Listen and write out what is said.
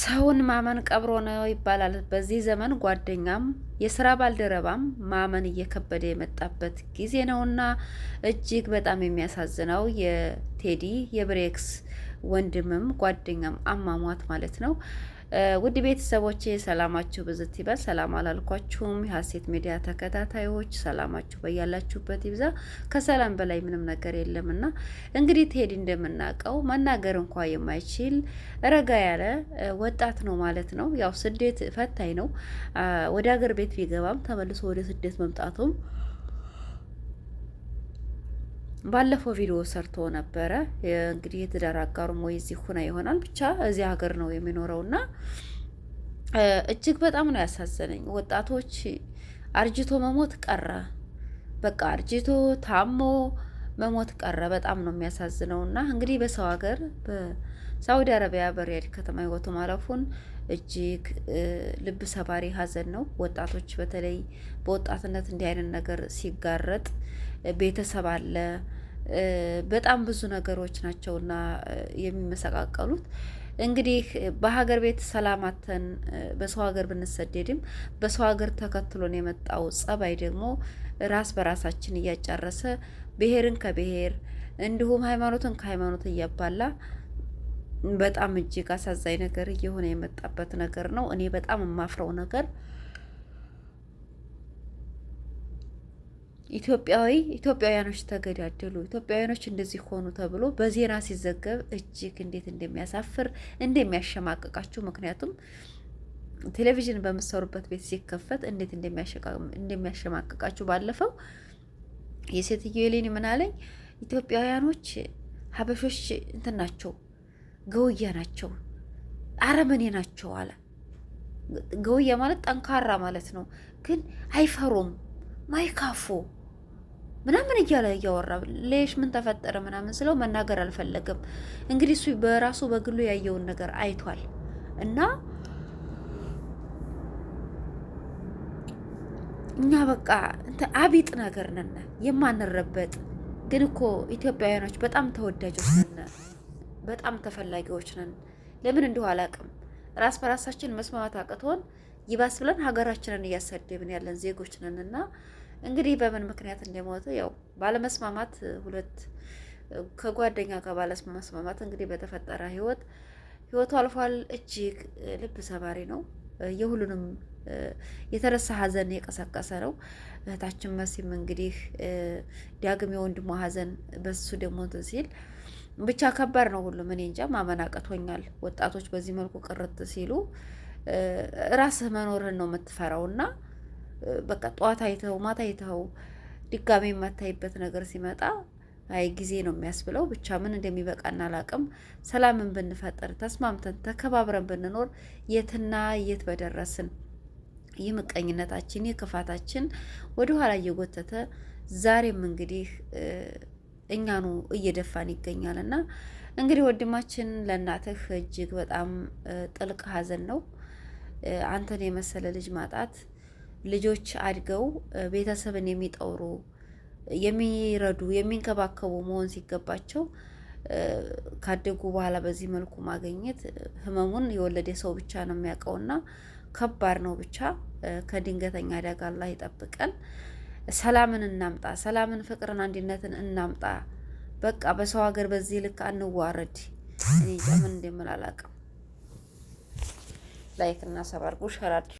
ሰውን ማመን ቀብሮ ነው ይባላል። በዚህ ዘመን ጓደኛም የስራ ባልደረባም ማመን እየከበደ የመጣበት ጊዜ ነውና እጅግ በጣም የሚያሳዝነው የቴዲ የብሬክስ ወንድምም ጓደኛም አሟሟት ማለት ነው። ውድ ቤተሰቦቼ ሰላማችሁ ብዝት ይበል። ሰላም አላልኳችሁም? የሀሴት ሚዲያ ተከታታዮች ሰላማችሁ በያላችሁበት ይብዛ። ከሰላም በላይ ምንም ነገር የለምና እንግዲህ ቴዲ እንደምናውቀው መናገር እንኳ የማይችል ረጋ ያለ ወጣት ነው ማለት ነው። ያው ስደት ፈታኝ ነው። ወደ ሀገር ቤት ቤት ቢገባም ተመልሶ ወደ ስደት መምጣቱም ባለፈው ቪዲዮ ሰርቶ ነበረ። እንግዲህ የትዳር አጋሩም ወይ እዚህ ሁና ይሆናል ብቻ እዚህ ሀገር ነው የሚኖረው እና እጅግ በጣም ነው ያሳዘነኝ። ወጣቶች አርጅቶ መሞት ቀረ። በቃ አርጅቶ ታሞ በሞት ቀረ። በጣም ነው የሚያሳዝነው። እና እንግዲህ በሰው ሀገር በሳውዲ አረቢያ በሪያድ ከተማ ህይወቱ ማለፉን እጅግ ልብ ሰባሪ ሀዘን ነው። ወጣቶች በተለይ በወጣትነት እንዲህ አይነት ነገር ሲጋረጥ ቤተሰብ አለ፣ በጣም ብዙ ነገሮች ናቸውና የሚመሰቃቀሉት እንግዲህ በሀገር ቤት ሰላማተን በሰው ሀገር ብንሰደድም በሰው ሀገር ተከትሎን የመጣው ጸባይ ደግሞ ራስ በራሳችን እያጫረሰ ብሔርን ከብሔር እንዲሁም ሃይማኖትን ከሃይማኖት እያባላ በጣም እጅግ አሳዛኝ ነገር እየሆነ የመጣበት ነገር ነው። እኔ በጣም የማፍረው ነገር ኢትዮጵያዊ ኢትዮጵያውያኖች ተገዳደሉ፣ ኢትዮጵያውያኖች እንደዚህ ሆኑ ተብሎ በዜና ሲዘገብ እጅግ እንዴት እንደሚያሳፍር እንደሚያሸማቅቃችሁ ምክንያቱም ቴሌቪዥን በምሰሩበት ቤት ሲከፈት እንዴት እንደሚያሸማቅቃችሁ። ባለፈው የሴትዮ ሌኒ ምናለኝ ኢትዮጵያውያኖች ሀበሾች እንትን ናቸው፣ ገውያ ናቸው፣ አረመኔ ናቸው አለ። ገውያ ማለት ጠንካራ ማለት ነው፣ ግን አይፈሩም፣ ማይካፎ ምናምን እያለ እያወራ ሌሽ ምን ተፈጠረ ምናምን ስለው መናገር አልፈለግም እንግዲህ እሱ በራሱ በግሉ ያየውን ነገር አይቷል እና እኛ በቃ አቢጥ ነገር ነን የማንረበጥ። ግን እኮ ኢትዮጵያውያኖች በጣም ተወዳጆች ነን፣ በጣም ተፈላጊዎች ነን። ለምን እንዲሁ አላውቅም። ራስ በራሳችን መስማማት አቅቶን ይባስ ብለን ሀገራችንን እያሳደብን ያለን ዜጎች ነን እና እንግዲህ በምን ምክንያት እንደሞተ ያው ባለመስማማት ሁለት ከጓደኛ ጋር ባለመስማማት እንግዲህ በተፈጠረ ህይወት ህይወቱ አልፏል። እጅግ ልብ ሰባሪ ነው። የሁሉንም የተረሳ ሀዘን የቀሰቀሰ ነው። እህታችን መሲም እንግዲህ ዳግም የወንድሟ ሀዘን በሱ ደግሞ እንትን ሲል ብቻ ከባድ ነው። ሁሉም እኔ እንጃ ማመን አቅቶኛል። ወጣቶች በዚህ መልኩ ቅርት ሲሉ ራስህ መኖርህን ነው የምትፈራውና በቃ ጠዋት አይተኸው ማታ አይተኸው ድጋሜ የማታይበት ነገር ሲመጣ አይ ጊዜ ነው የሚያስብለው። ብቻ ምን እንደሚበቃና አላቅም። ሰላምን ብንፈጥር ተስማምተን ተከባብረን ብንኖር የትና የት በደረስን። ይህ ምቀኝነታችን፣ ይህ ክፋታችን ወደኋላ እየጎተተ ዛሬም እንግዲህ እኛኑ እየደፋን ይገኛል። እና እንግዲህ ወንድማችን ለእናትህ እጅግ በጣም ጥልቅ ሐዘን ነው አንተን የመሰለ ልጅ ማጣት ልጆች አድገው ቤተሰብን የሚጠውሩ የሚረዱ፣ የሚንከባከቡ መሆን ሲገባቸው ካደጉ በኋላ በዚህ መልኩ ማግኘት ህመሙን የወለደ ሰው ብቻ ነው የሚያውቀውና ከባድ ነው። ብቻ ከድንገተኛ አደጋ አላህ ይጠብቀን። ሰላምን እናምጣ፣ ሰላምን፣ ፍቅርን፣ አንድነትን እናምጣ። በቃ በሰው ሀገር በዚህ ልክ አንዋረድ። እኔ ምን እንደምላላቅም ላይክ እና ሰባርጉ ሸራድ